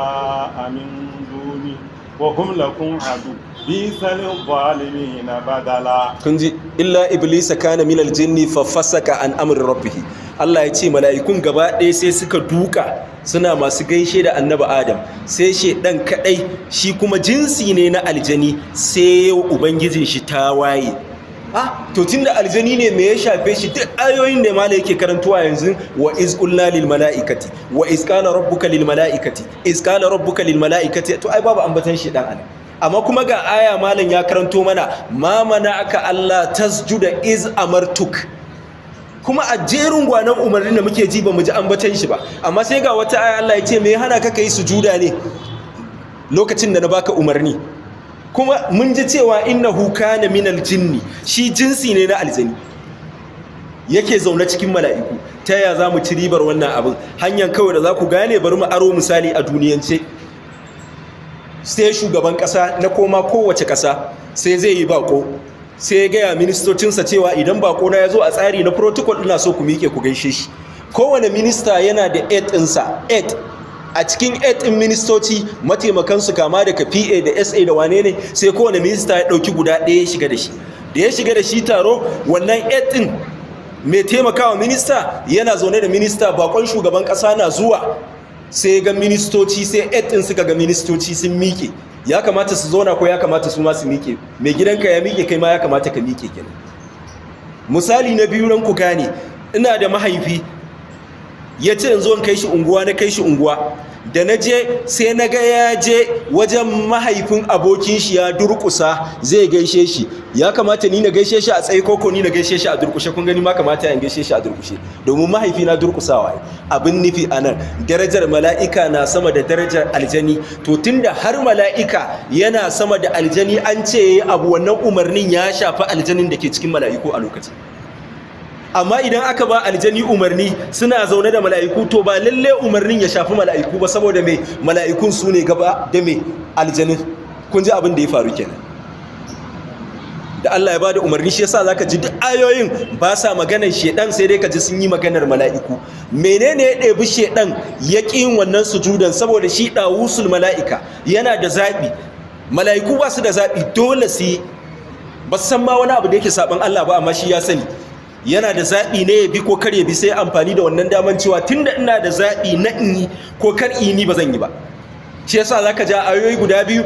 min duni wa hum lakum adu bisal zalimin badala kun ji illa iblisa kana minal jinni fa fasaka Allah ya ce mala'ikun gaba ɗaya sai suka duka suna masu gaishe da annaba adam sai shi ɗan kaɗai shi kuma jinsi ne na aljani sai ubangijin shi ta waye ah to tunda aljani ne me ya shafe shi duk ayoyin da mala yake karantuwa yanzu wa iz qulna lil malaikati wa iz qala rabbuka lil malaikati iz qala rabbuka lil malaikati to ai babu ambatan shi dan Allah amma kuma ga aya malam ya karanto mana ma mana aka Allah tasjuda iz amartuk kuma a jerin gwanan umarnin da muke ji ba mu ji ambatan shi ba amma sai ga wata aya Allah ya ce me hana ka kai sujuda ne lokacin da na baka umarni kuma mun ji cewa huka na minal jinni shi jinsi ne na aljini yake zaune cikin mala'iku ta yaya za mu ci ribar wannan abin hanyar kawai da za ku gane bari mu aro misali a duniyance sai shugaban ƙasa na koma kowace ƙasa sai zai yi bako sai ya gaya ministocinsa cewa idan bako na ya zo a tsari na protocol ina so ku miƙe ku gaishe shi kowane minista yana da 8 ɗinsa 8 a cikin 8 ministoci mataimakansu kama daga pa da sa da wane ne sai kowane minista ya ɗauki guda ɗaya ya shiga da shi da ya shiga da shi taro wannan 8 ɗin mai taimakawa minista yana zaune da minista bakon shugaban ƙasa na zuwa sai ga ministoci sai 8 ɗin suka ga ministoci sun miƙe ya kamata su zauna ko ya kamata su masu miƙe mai gidanka ya miƙe kai ma ya kamata ka miƙe kenan misali na biyu ku gane ina da mahaifi ya ce yanzu in kai shi unguwa na kai shi unguwa da na je sai na ga ya je wajen mahaifin abokin shi ya durkusa zai gaishe shi ya kamata ni na gaishe shi a tsaye koko ni na gaishe shi a durkushe kun gani ma kamata ya gaishe shi a durkushe domin mahaifi na durkusawa abin nufi a nan darajar mala'ika na sama da darajar aljani to tunda har mala'ika yana sama da aljani an ce abu wannan umarnin ya shafi aljanin da ke cikin mala'iku a lokacin amma idan aka ba aljani umarni suna zaune da mala'iku to ba lalle umarnin ya shafi mala'iku ba saboda me mala'ikun su ne gaba da me aljanin kun ji abin da ya faru kenan da Allah ya bada umarni shi yasa zaka ji duk ayoyin ba sa maganar shedan sai dai ka ji sun yi maganar mala'iku menene ya ɗebi shedan ya yin wannan sujudan saboda shi dawusul mala'ika yana da zaɓi mala'iku ba su da zaɓi dole su yi ba san ma wani abu da yake saɓan Allah ba amma shi ya sani yana da zaɓi ne ya bi ko kar ya bi sai amfani da wannan daman cewa da ina da zaɓi na ini ko kar in ba zan yi ba shi yasa ka ja ayoyi guda biyu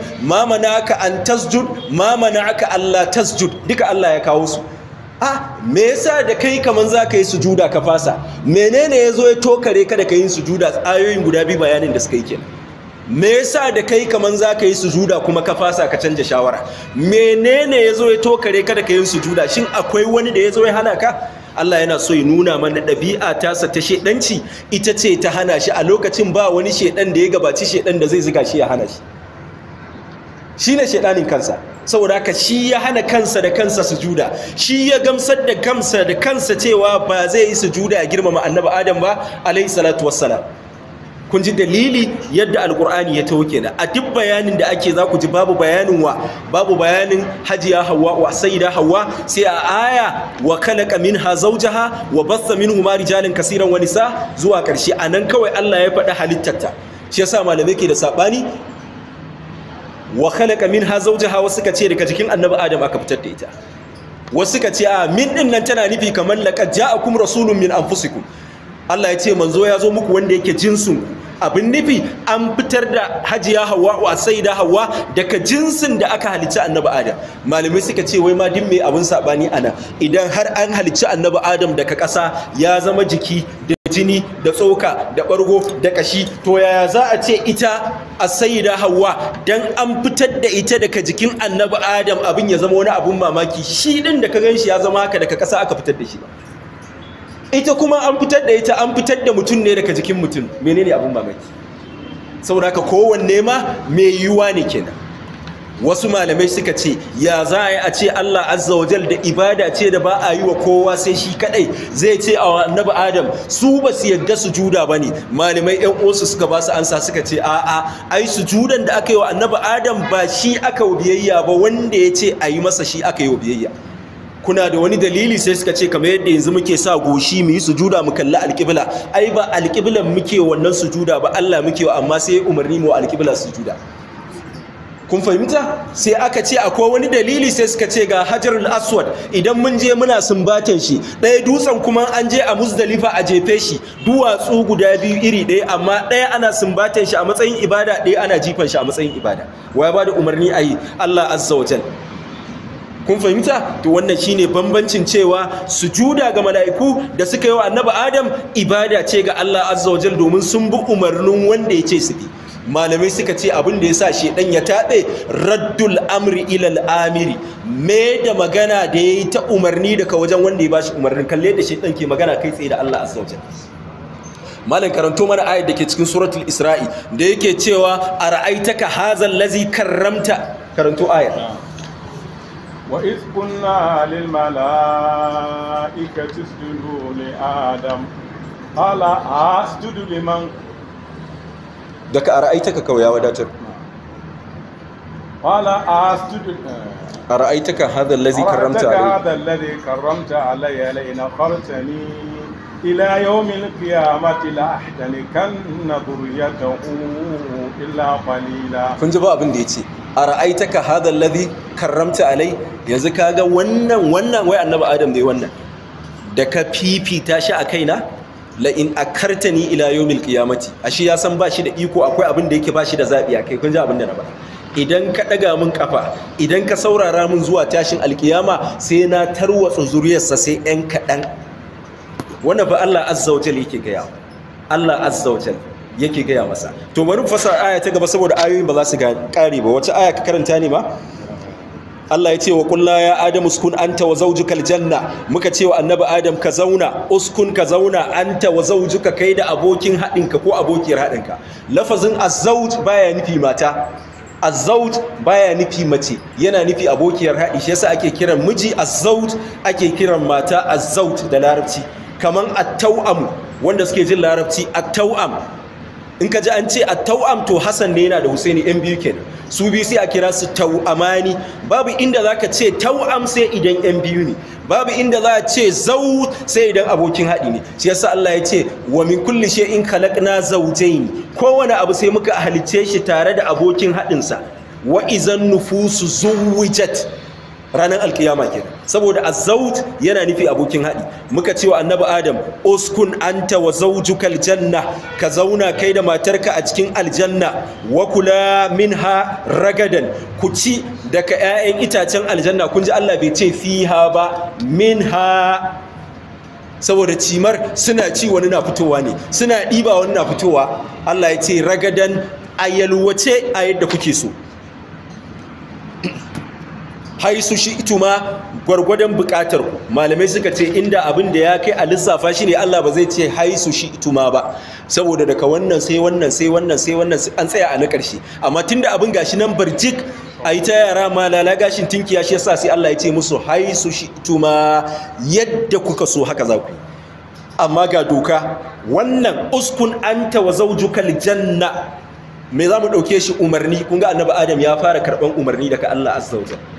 na ka an tasjud na ka Allah tasjud duka Allah ya kawo su ah me yasa da kai kaman ka yi sujuda ka fasa menene ya zo ya tokare ka da kai yin sujuda ayoyin guda biyu bayanin da suka yi kenan me yasa da kai kaman za ka yi sujuda kuma ka fasa ka canja shawara menene ya zo ya tokare ka da ka yi sujuda shin akwai wani da ya zo ya hana ka Allah yana so ya nuna mana ɗabi'a tasa ta shedanci ita ce ta hana shi a lokacin ba wani shedan da ya gabaci shedan da zai ziga shi ya hana shi shi ne shedanin kansa saboda haka shi ya hana kansa da kansa sujuda shi ya gamsar da kansa da kansa cewa ba zai yi sujuda ya girmama annabi adam ba alayhi salatu wassalam kun ji dalili yadda alkur'ani ya tawo kenan a duk bayanin da ake za ku ji babu bayanin wa babu bayanin hajiya hawa wa sayyida hawa sai a aya wa khalaqa minha zawjaha wa bassa ma rijalan kaseeran wa nisa zuwa karshe anan kawai Allah ya faɗa halittarta shi yasa malamai ke da sabani wa khalaqa minha zawjaha wasu ka ce daga jikin annabi adam aka fitar da ita wasu ka ce a min din nan tana nufi kamar laqad ja'akum rasulun min anfusikum Allah ya ce manzo ya zo muku wanda yake jinsin abin nufi an fitar da hajiya hawa a sai da hawa daga jinsin da aka halicci annabi adam malamai suka ce wai ma din mai abin sabani ana idan har an halicci annabi adam daga ƙasa ya zama jiki da jini da tsoka da ɓargo da ƙashi to yaya za a ce ita a saida hawa don an fitar da ita daga jikin annabi adam abin ya zama wani abin mamaki shi ɗin da ka gan shi ya zama haka daga ƙasa aka fitar da shi ba ita kuma an fitar da ita an fitar da mutum ne daga jikin mutum menene abin mamaki saboda ka kowanne ma mai yiwuwa ne kenan wasu malamai suka ce ya za a yi a ce Allah azza wa jal da ibada ce da ba a yi wa kowa sai shi kadai zai ce a annabi adam su ba su yadda sujuda ba ne malamai yan uwansu suka ba su ansa suka ce a a ai judan da aka yi wa annabi adam ba shi aka biyayya ba wanda ya ce a yi masa shi aka yi biyayya kuna da wani dalili sai suka ce kamar yadda yanzu muke sa goshi mu yi sujuda mu kalli alƙibla ai ba alƙiblan muke wannan sujuda ba Allah muke wa amma sai umarni mu alƙibla sujuda kun fahimta sai aka ce akwai wani dalili sai suka ce ga hajarul aswad idan mun je muna sumbatan shi ɗaya dutsen kuma an je a musdalifa a jefe shi duwatsu guda biyu iri ɗaya amma ɗaya ana sumbatan shi a matsayin ibada ɗaya ana jifan shi a matsayin ibada waya ba da umarni a yi allah azza wajen. kun fahimta to wannan shine bambancin cewa sujuda ga mala'iku da suka yi wa annabi adam ibada ce ga Allah azza wajal domin sun bi umarnin wanda ya ce su bi malamai suka ce abin da ya sa shedan ya taɓe raddul amri ilal amiri me da magana da ya yi ta umarni daga wajen wanda ya bashi umarnin kalle da shedan ke magana kai tsaye da Allah azza wajal malam karanto mana ayat da ke cikin suratul isra'i da yake cewa a ara'aitaka hazal lazi karramta karanto ayat وإذ قلنا للملائكة اسجدوا لآدم قال أسجد لمن دك أرأيتك كوي يا وداتر قال أسجد أرأيتك هذا الذي كرمت علي هذا الذي كرمت علي لئن أخرتني إلى يوم القيامة لأحتنكن ذريته إلا قليلا كنت بقى بنديتي a ra'aitaka hada alladhi karramta alai yanzu ka ga wannan wannan wai annaba adam dai wannan da ka fifita shi a kaina a kartani akartani ila kiyamati a shi ya san ba shi da iko akwai abin da yake ba shi da zaɓi a kai kun ji abin da na ba idan ka ɗaga min kafa idan ka saurara min zuwa tashin alkiyama sai na tarwatsa zuriyarsa sai yan kaɗan wannan ba Allah azza wa yake gaya Allah azza wa yake gaya masa to bari fasa aya ta gaba saboda ayoyin ba za su kare ba wata aya ka karanta ne ma Allah ya ce wa kulla ya Adam uskun anta wa zawjuka aljanna muka ce wa annabi Adam ka zauna uskun ka zauna anta wa zawjuka kai da abokin hadin ka ko abokiyar hadin ka lafazin azawj baya nufi mata azawj baya nufi mace yana nufi abokiyar hadi shi yasa ake kiran miji azawj ake kiran mata azawj da larabci kaman at-tawam wanda suke jin larabci at-tawam in ka ji an ce a tau'am to hassan ne yana da husaini yan biyu kenan su biyu sai a kira su tau'amani babu inda za ka ce tau'am sai idan yan biyu ne babu inda za a ce zau sai idan abokin haɗi ne shi yasa Allah ya ce wa min kulli shay'in khalaqna ni? kowane abu sai muka halicce shi tare da abokin haɗinsa wa izan nufusu zuwijat ranar alkiyama ke saboda Azaut yana nufi abokin haɗi muka cewa annabi adam uskun anta wa zaujukal janna ka zauna kai da matarka a cikin aljanna wa kula minha ragadan ku ci daga ƴaƴan itacen aljanna kun ji Allah bai ce fiha ba minha saboda cimar suna ci wani na fitowa ne suna ɗiba wani na fitowa Allah ya ce ragadan a yalwace a yadda kuke so haisu shi ituma gwargwadon bukatar ku malamai suka ce inda abin da ya kai a lissafa shi ne Allah ba zai ce haisu shi ituma ba saboda daga wannan sai wannan sai wannan sai wannan an tsaya a na ƙarshe amma tunda abin gashi nan barjik a yi ta yara malala gashin tinkiya shi yasa sai Allah ya ce musu haisu shi ituma yadda kuka so haka za ku amma ga doka wannan uskun anta wa zaujukal janna me za mu ɗauke shi umarni kun ga annabi adam ya fara karɓan umarni daga Allah azza wa jalla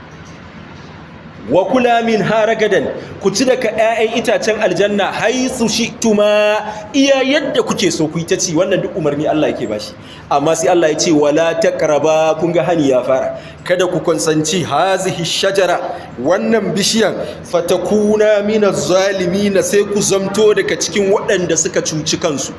wa kula min haragadan ku ci daga 'ya'yan itacen aljanna haitsu shi tuma iya yadda kuke so ku ta ci wannan duk umarni Allah yake bashi amma sai Allah ya ce wala taqraba kun ga hani ya fara kada ku konsanci hazihi shajara wannan bishiyan fatakuna minaz na sai ku zamto daga cikin waɗanda suka cuci kansu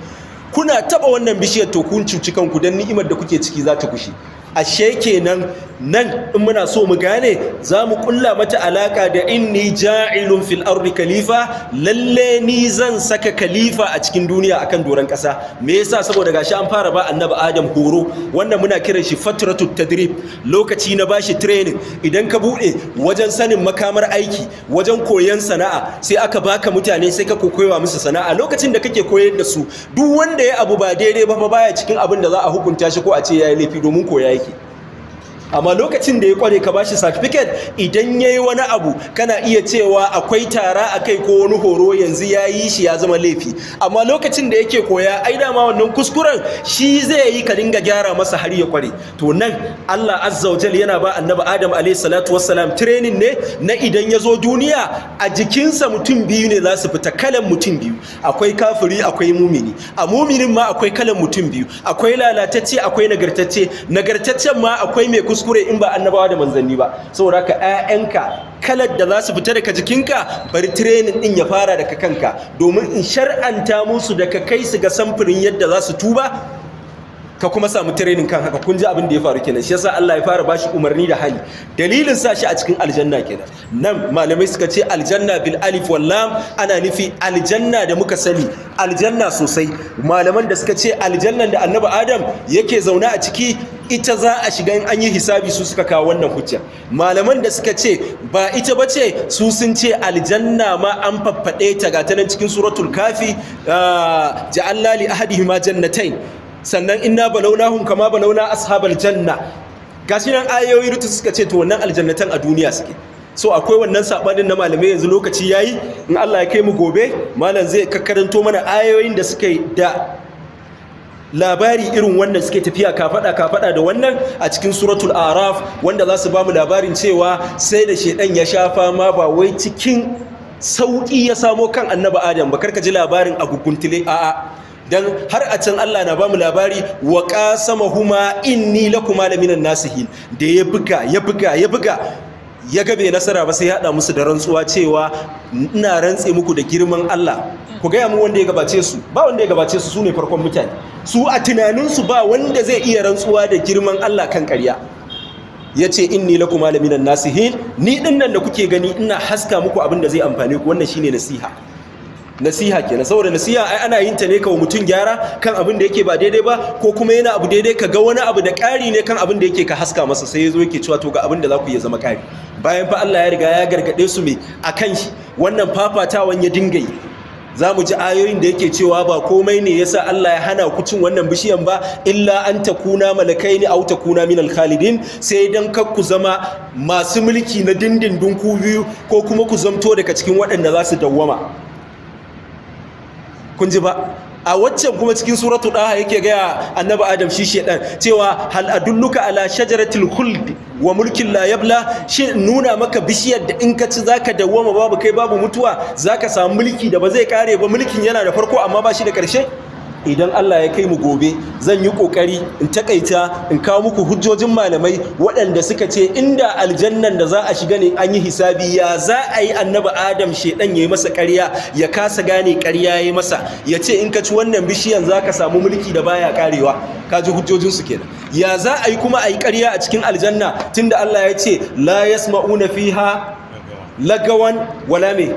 kuna taba wannan bishiyar to kun cuci kanku dan ni'imar da kuke ciki za ta kushe ashe kenan nan in muna so mu gane za mu kulla mata alaka da inni ja'ilun fil ardi khalifa lalle ni zan saka khalifa a cikin duniya akan doran kasa me yasa saboda gashi an fara ba annabi adam horo wannan muna kiran shi fatratu tadrib lokaci na bashi training idan ka bude wajen sanin makamar aiki wajen koyon sana'a sai aka baka mutane sai ka koyewa musu sana'a lokacin da kake koyar da su duk wanda ya abu ba daidai ba baya cikin abin da za a hukunta shi ko a ce yayi laifi domin koyayi México. amma lokacin da ya kware ka bashi certificate idan yayi wani abu kana iya cewa akwai tara akai ko wani horo yanzu yayi shi ya zama laifi amma lokacin da yake koya ai dama wannan kuskuren shi zai yi ka dinga gyara masa har ya kware to nan Allah azza wa jalla yana ba annabi Adam alayhi salatu wassalam training ne na idan ya zo duniya a jikinsa mutum biyu ne za su fita kalan mutum biyu akwai kafiri akwai mumini a muminin ma akwai kalan mutum biyu akwai lalatacce akwai nagartacce nagartaccen ma akwai mai kuskure kuskure in ba annabawa da manzanni ba saboda ka ƴaƴanka kalar da za su fita daga jikinka bari training din ya fara daga kanka domin in shar'anta musu daga kai su ga samfurin yadda za su tuba ka kuma samu training kan haka kun ji abin da ya faru kenan shi yasa Allah ya fara bashi umarni da hali dalilin sa shi a cikin aljanna kenan nan malamai suka ce aljanna bil alif wal lam ana nufi aljanna da muka sani aljanna sosai malaman da suka ce aljannan da annabi adam yake zauna a ciki ita za a shiga in an yi hisabi su suka kawo wannan hujja malaman da suka ce ba ita bace su sun ce aljanna ma an faffaɗe ta ga ta nan cikin suratul kafi ah, ja'alla li ahadihima jannatain sannan inna balaunahum kama balauna ashabal janna gashi nan ayoyi rutu suka ce to wannan aljannatan a duniya suke so akwai wannan sabanin na malamai yanzu lokaci yayi in Allah ya kai mu gobe malam zai kakkaranto mana ayoyin da suka yi da labari irin wannan suke tafiya ka faɗa-ka fada da wannan a cikin suratul araf wanda za su ba mu labarin cewa sai da shedan ya shafa ma ba wai cikin sauki ya samo kan annabi adam ba karka ji labarin a guguntule a'a dan har a can Allah na bamu labari wa qasama huma inni lakum malaminan nasihin da ya buga ya buga ya buga ya gabe bai nasara ba sai ya hada musu da rantsuwa cewa ina rantse muku da girman Allah ku gaya mu wanda ya gabace su ba wanda ya gabace su sune farkon mutane su a tunaninsu ba wanda zai iya rantsuwa da girman Allah kan ƙarya ya ce inni la kuma nasihin ni dinnan da kuke gani ina haska muku abin da zai amfane ku wannan shine nasiha nasiha kenan saboda nasiha ai ana yin ta ne kawai mutum gyara kan abin da yake ba daidai ba ko kuma yana abu daidai ka ga wani abu da ƙari ne kan abin da yake ka haska masa sai yazo yake cewa to ga abin da za ku iya zama ƙari bayan fa Allah ya riga ya gargaɗe su me akan shi wannan fafatawan ya dinga yi za mu ji ayoyin da yake cewa ba komai ne yasa Allah ya hana ku cin wannan bishiyan ba illa an ta takuna malakai ne au kuna minal khalidin sai dan kar ku zama masu mulki na dindindin ku biyu ko kuma ku zamto daga cikin waɗanda za su dawwama kun ji ba a waccan kuma cikin suratu daha yake gaya annabi adam shi shedan cewa hal adulluka ala shajaratil khuld wa mulkin la yabla shi nuna maka bishiyar da in ka ci zaka dawwama babu kai babu mutuwa zaka samu mulki da ba zai kare ba mulkin yana da farko amma ba shi da karshe idan Allah ya kai mu gobe zan yi kokari in takaita in kawo muku hujjojin malamai waɗanda suka ce inda aljannan da za a shiga ne an yi hisabi ya za a yi annabi adam shedan yayi masa ƙarya ya kasa gane ƙarya yayi masa ya ce in ka ci wannan bishiyan za ka samu mulki da baya karewa ka ji hujjojin su kenan ya za a yi kuma a yi ƙarya a cikin aljanna tunda Allah ya ce la yasma'una fiha lagawan wala me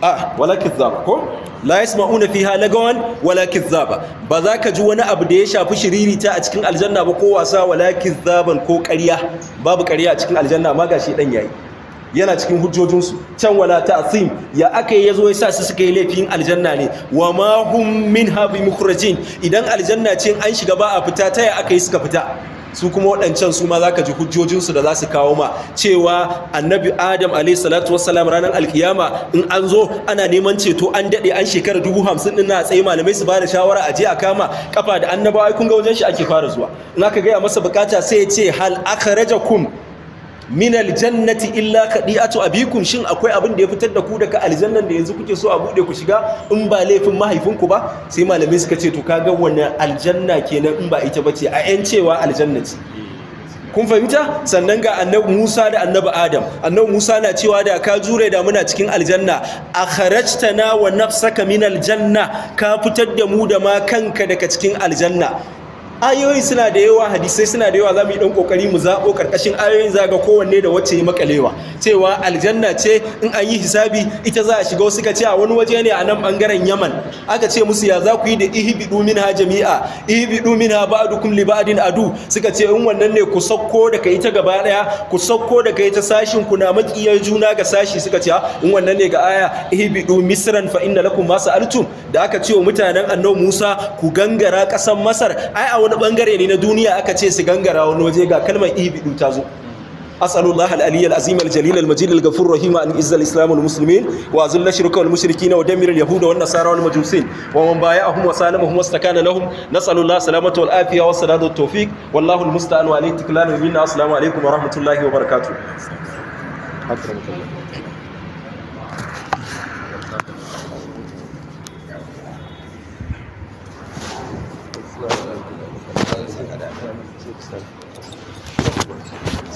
ah wala kizzaba ko la yasma'una fiha lagawan wala kizzaba ba za ka ji wani abu da ya shafi shiririta a cikin aljanna ba ko wasa wala kizzaban ko ƙarya babu ƙarya a cikin aljanna ma gashi dan yayi yana cikin su can wala ta'sim ya aka yi yazo yasa su suka yi laifin aljanna ne wa ma hum minha bi mukhrajin idan aljanna ce an shiga ba a fita ta ya aka yi suka fita su kuma waɗancan su ma za ka ji hujjojinsu da za su kawo ma cewa annabi adam alaihissalatu ranar alkiyama in an zo ana neman ceto an daɗe an shekara dubu hamsin ɗin na tsaye malamai su ba da shawara a je a kama kafa da annabawa kun ga wajen shi ake fara zuwa in aka gaya masa bukata sai ya ce hal aka raja kum min aljannati illa kadiatu abikum shin akwai abin da ya fitar da ku daga aljannan da yanzu kuke so a bude ku shiga in ba laifin mahaifinku ba sai malamai suka ce to kaga wannan aljanna kenan in ba ita bace a yan cewa aljannati kun fahimta sannan ga annabi Musa da annabi Adam annabi Musa na cewa da ka jure da muna cikin aljanna na wa nafsaka min aljanna ka fitar da mu da ma kanka daga cikin aljanna ayoyin suna da yawa hadisai suna da yawa za mu yi ɗan ƙoƙari mu zaɓo ƙarƙashin ayoyin za ga kowanne da wacce ya makalewa cewa aljanna ce in an yi hisabi ita za a shiga wasu ka ce a wani waje ne a nan ɓangaren yaman aka ce musu ya za ku yi da ihibidu min ha jami'a ihibidu min ha ba'dukum li ba'din adu suka ce in wannan ne ku sauko daga ita gaba ɗaya ku sauko daga ita sashin ku na maƙiyar juna ga sashi suka ce ah, in wannan ne ga aya ihibidu misran fa inna lakum ma sa'altum da aka ce wa mutanen annabi Musa ku gangara ƙasar Masar ai a wani bangare ne na duniya aka ce su gangara wani waje ga kalmar ibidu ta zo asalu Allah al-aliyya al-azim al-jalil al-majid al-ghafur rahim an izzal nasara majusin wa man bay'ahum wa salamahum wa istakana wa sadada